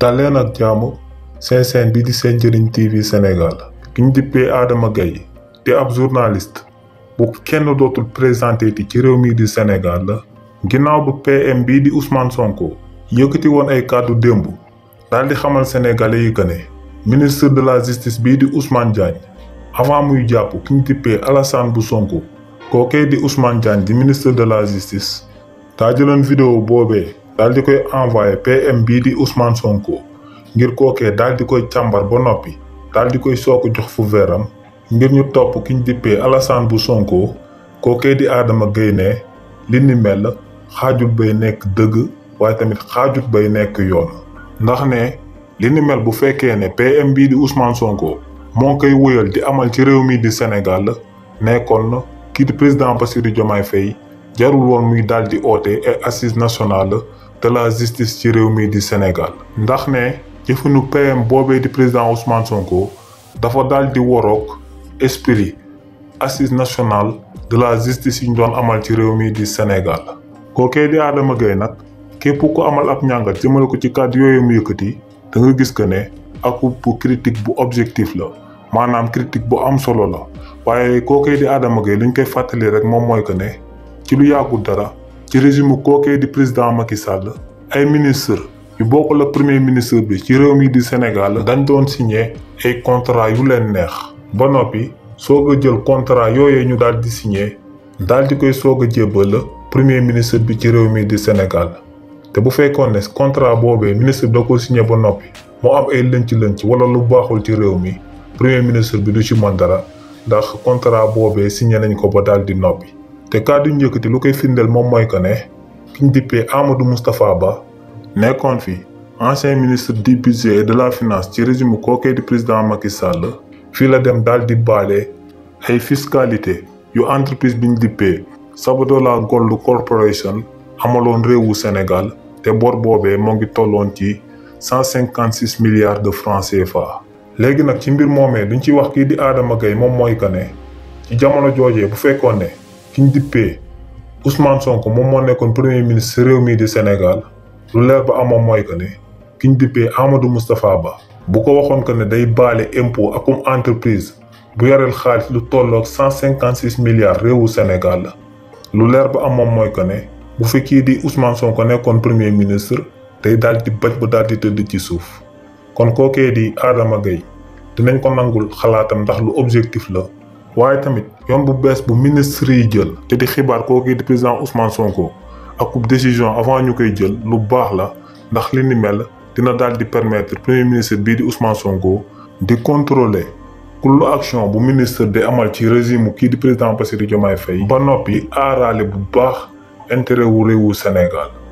dalleen ak jàmm seen seen bi di seen njëriñ TV Sénégal ki ñu dippee aadama gay di ab journaliste bu kenn dootul présenté ti ci réew mii di Sénégal la ginnaaw bu PM bii di Ousmane Sonko yëkkati woon ay kàddu démb daal di xamal sénégalais yi ne ministre de la justice bii di Ousmane Diagne avant muy jàpp ki ñu dippee Alassane bu Sonko kookee di Ousmane Diagne di ministre de la justice daa jëloon vidéo boobee daal di koy envoyé PM bii di Ousmane Sonko ngir kookee daal di koy càmbar ba noppi daal di koy sook jox fu veram ngir ñu topp ki ñu dippee Alassane bu Sonko kookee di Adama Gueye ne li mel xaajut bay nekk dëgg waaye tamit xaajut bay nekk yoon ndax ne li mel bu fekkee ne PM bii di Ousmane Sonko moo koy wëyal di amal ci réew mii di Sénégal nekkoon kii di président Bassirou Diomaye Faye jarul woon muy daal di oote et national de la justice ci réew mii di Sénégal ndax ne jëfinu PM boobee di président Ousmane Sonko dafa daal di woroog esprit assise nationale de la justice yi ñu doon amal ci réew mii di Sénégal kookee di Adama Gaye nag képp ku amal ab njàngat jëmale ko ci kàddu yooyu mu yëkkati da nga gis que ne ak bu critique bu objectif la maanaam critique bu am solo la waaye kookee di Adama Gaye li ñu koy fàttali rek moom mooy que ne ci lu yàggul dara ci régime kookee di président Macky Sall ay ministre yu bokkul la premier ministre bi ci réew mi di Sénégal dañ doon signé ay contrat yu leen neex ba noppi soog a jël contrat yooye ñu daal di signé daal di koy soog a jébbal premier ministre bi ci réew mi di Sénégal te bu fekkoon ne contrat boobee ministre bi da ko signé ba noppi moo am ay lënc-lënc wala lu baaxul ci réew mi premier ministre bi du ci mën dara ndax contrat boobee signé nañ ko ba daal di noppi. te kàddu njëkkati lu koy firndeel moom mooy que ne kiñ dippee Amadou Moustapha Ba nekkoon fi ancien ministre du budget et de la finance ci régime kookee di président Macky Sall fii la dem daal di bale ay fiscalité yu entreprise bi biñ dippee Sabodala Gold Corporation amaloon réewu Sénégal te boor boobee moo ngi tolloon ci cent cinquante six milliards de francs CFA. léegi nag ci mbir moomee duñ ci wax kii di aadama Gaye moom mooy que ne ci jamono joojee bu fekkoon ne. ki ñu dippee Ousmane Sonko moom moo nekkoon premier ministre réew mii di Sénégal lu leer ba amoon mooy que ne kiñ ñu dippee Amadou Moustapha Ba bu ko waxoon que ne day baale impôt akum entreprise bu yoreel xaalis lu tolloog cent cinquante six milliards réewu Sénégal la lu leer ba amoon mooy que ne bu fi kii di Ousmane Sonko nekkoon premier ministre day daal di bañ ba di tëdd ci suuf kon kookee di Adama Gaye dinañ ko nangul xalaatam ndax lu objectif la waaye tamit yoon bu bees bu ministre yi jël te di xibaar kooku di président Ousmane Sonko akub décision avant ñu koy jël lu baax la ndax li ni mel dina daal di permettre premier ministre bii di Ousmane Sonko di contrôler kullu action bu ministre di amal ci régime kii di président Bassirou Diomaye Faye ba noppi aaraale bu baax intérêt wu réewu Sénégal.